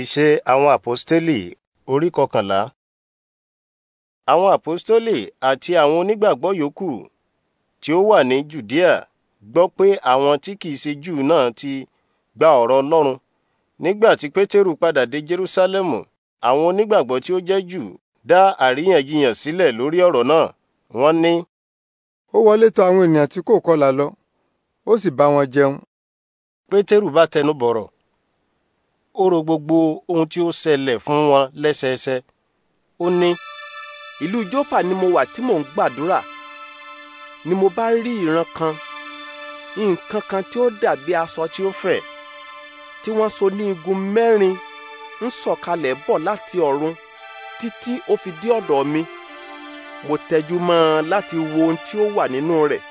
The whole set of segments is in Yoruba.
Ìṣe àwọn àpọ́stélì orí kọkànlá. Àwọn àpọ́stélì àti àwọn onígbàgbọ́ yòókù tí ó wà ní Jùdíà gbọ́ pé àwọn tí kìí ṣe Júù náà ti gba ọ̀rọ̀ Ọlọ́run. Nígbà tí Pétérù padà dé Jerúsálẹ́mù, àwọn onígbàgbọ́ tí ó jẹ́ Júù dá àríyànjiyàn sílẹ̀ lórí ọ̀rọ̀ náà. Wọ́n ní. Ó wọlé tọ̀ àwọn ènìyàn tí kò kọlà lọ, ó sì bá wọn jẹun. Pétérù bá tẹnu bọ̀rọ̀ ó ro gbogbo ohun tí ó ṣẹlẹ̀ fún wọn lẹ́sẹẹsẹ ó ní. ìlú jọ́pà ni mo wà tí mò ń gbàdúrà ni mo bá rí ìran kan nǹkan kan tí ó dàbí aṣọ tí ó fẹ̀ tí wọ́n so ní igun mẹ́rin ń sọ̀kalẹ̀ bọ̀ láti ọ̀run títí ó fi dé ọ̀dọ̀ mi mo tẹjú mọ́ ọ láti wo ohun tí ó wà nínú rẹ̀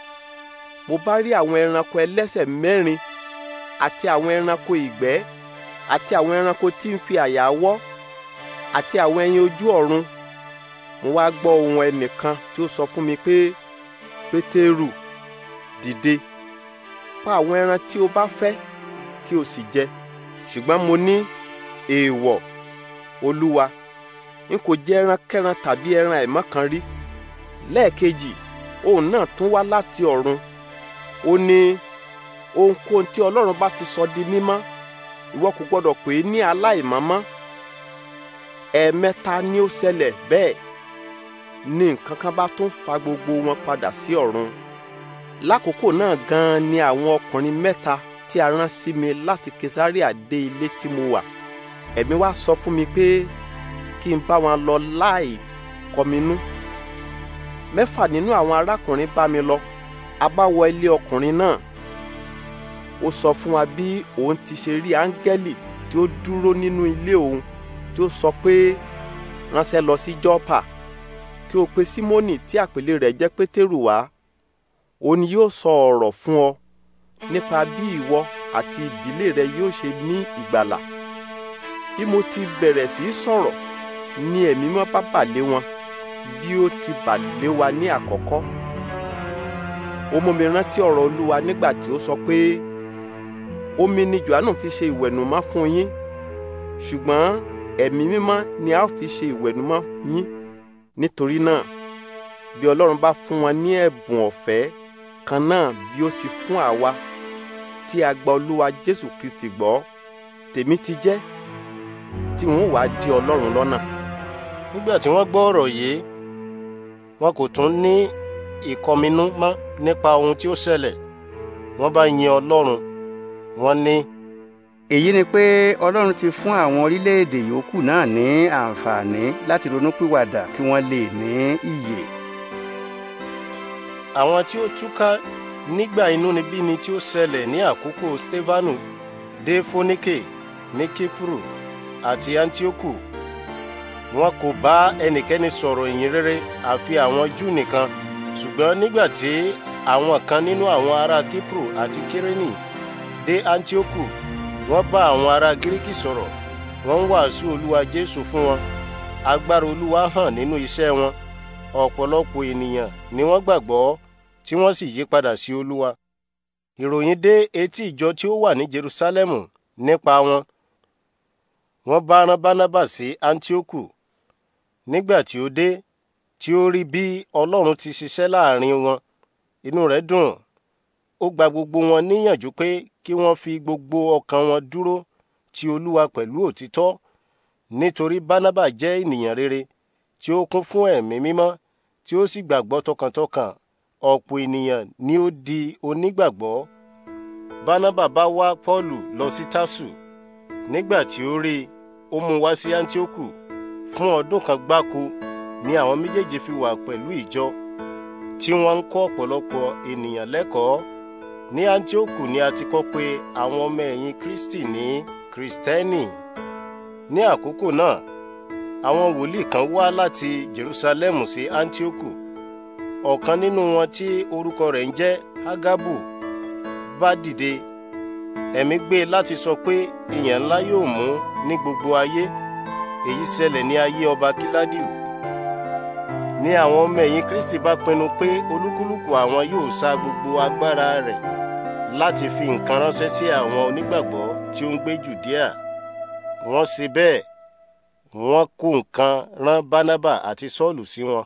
mo bá rí àwọn ẹranko ẹlẹ́sẹ̀ mẹ́rin àti àwọn ẹranko ìgbẹ́ àti àwọn ẹranko tí ń fi àyà wọ́ àti àwọn ẹyin ojú ọ̀run mo wá gbọ́ ohùn ẹnìkan tí ó sọ fún mi pé pétérù dìde pa àwọn ẹran tí o bá fẹ́ kí o sì jẹ ṣùgbọ́n mo ní èèwọ̀ olúwa n kò jẹ ẹrankẹ́ran tàbí ẹran àìmọ́ kan rí lẹ́ẹ̀kejì òun náà tún wá láti ọ̀run ó ní ohunkóhun tí ọlọ́run bá ti sọ di mímọ́ ìwọ kò gbọdọ̀ pè é ní aláìmọ́mọ́ ẹ̀ẹ̀mẹ́ta ni ó ṣẹlẹ̀ bẹ́ẹ̀ ní nǹkan kan bá tún fa gbogbo wọn padà sí ọ̀run lákòókò náà gan ni àwọn ọkùnrin mẹ́ta tí a rán sí mi láti Kesaria dé ilé tí mo wà ẹ̀mí wá sọ fún mi pé kí n bá wọn lọ láì kọminú mẹ́fà nínú àwọn arákùnrin bá mi lọ a ilé ọkùnrin náà ó sọ fún wa bí òun ti ṣe rí áńgẹ́lì tí ó dúró nínú ilé òun tí ó sọ pé ránṣẹ́ lọ sí jọ́pà kí o pe símónì tí àpèlé rẹ̀ jẹ́ pétérù wá òun ni yóò sọ ọ̀rọ̀ fún ọ nípa bí ìwọ àti ìdílé rẹ yóò ṣe ní ìgbàlà bí mo ti bẹ̀rẹ̀ sí sọ̀rọ̀ ni ẹ̀mí mọ́ bá bà lé wọn bí ó ti bà lé wa ní àkọ́kọ́ ó mú mi rántí ọ̀rọ̀ olúwa nígbà tí ó sọ pé. So omi ni Jòhánù fi ṣe ìwẹ̀nùmọ́ fún yín ṣùgbọ́n ẹ̀mí mímọ́ ni a fi ṣe ìwẹ̀nùmọ́ yín nítorí náà bí Ọlọ́run bá fún wọn ní ẹ̀bùn ọ̀fẹ́ kan náà bí ó ti fún àwa tí a gba Olúwa Jésù Kristi gbọ́ tèmi ti jẹ́ tí wọn wàá di Ọlọ́run lọ́nà. nígbà tí wọ́n gbọ́ ọ̀rọ̀ yìí wọn kò tún ní ìkọminú mọ́ nípa ohun tí ó ṣẹlẹ̀ wọ́n bá yin Ọlọ́run wọ́n ní. èyí ni pé ọlọ́run ti fún àwọn orílẹ̀-èdè yòókù náà ní àǹfààní láti ronúpìwàdà kí wọ́n lè ní ìyè. àwọn tí ó túká nígbà inúnibíni tí ó ṣẹlẹ̀ ní àkókò stefanu dé fóníkè ní kípùrù àti antioku wọn kò bá ẹnikẹ́ni sọ̀rọ̀ ìyìn rere àfi àwọn júù nìkan ṣùgbọ́n nígbà tí àwọn kan nínú àwọn ará kípùrù àti kírénì dé Áńtíókù wọ́n bá àwọn ará gíríkì sọ̀rọ̀ wọ́n ń wàásù olúwa jésù fún wọn agbára olúwa hàn nínú iṣẹ́ wọn ọ̀pọ̀lọpọ̀ ènìyàn ni wọ́n gbàgbọ́ tí wọ́n sì yí padà sí olúwa ìròyìn dé etí ìjọ tí ó wà ní Jerúsálẹ́mù nípa wọn wọ́n bá rán Bánábà sí Áńtíókù nígbà tí ó dé tí ó rí bí Ọlọ́run ti ṣiṣẹ́ láàrin wọn inú rẹ̀ dùn ó gba gbogbo wọn níyànjú pé kí wọ́n fi gbogbo ọkàn wọn dúró ti olúwa pẹ̀lú òtítọ́ nítorí bánábà jẹ́ ènìyàn rere tí ó kún fún ẹ̀mí mímọ́ tí ó sì gbàgbọ́ tọkàntọkàn ọ̀pọ̀ ènìyàn ni ó di onígbàgbọ́ bánábà bá wá pọ́ọ̀lù lọ sí tásù nígbà tí ó rí i ó mú wá sí antioku fún ọdún kan gbáko ni àwọn méjèèjì fi wà pẹ̀lú ìjọ tí wọ́n ń kọ́ ọ̀pọ̀lọpọ̀ ènìyàn lẹ́kọ̀ọ́ ní antioku ni a ti kọ́ pé àwọn ọmọ ẹ̀yìn Kristi ní kristẹni ní àkókò náà àwọn wòlíì kan wá láti Jerúsálẹ́mù sí Áńtíókù ọ̀kan nínú wọn tí orúkọ rẹ̀ ń jẹ́ Ágábù bá dìde ẹ̀mí gbé e láti sọ pé ìyàn ńlá yóò mú ní gbogbo ayé èyí ṣẹlẹ̀ ní ayé ọba Kíládìù ni àwọn ọmọ ẹ̀yìn Kristi bá pinnu pé olúkúlùkù àwọn yóò sa gbogbo agbára rẹ̀ láti fi nǹkan ránṣẹ́ sí àwọn onígbàgbọ́ tí ó ń gbé Jùdíà wọ́n ṣe bẹ́ẹ̀ wọ́n kó nǹkan rán Bánábà àti Sọ́ọ̀lù sí wọn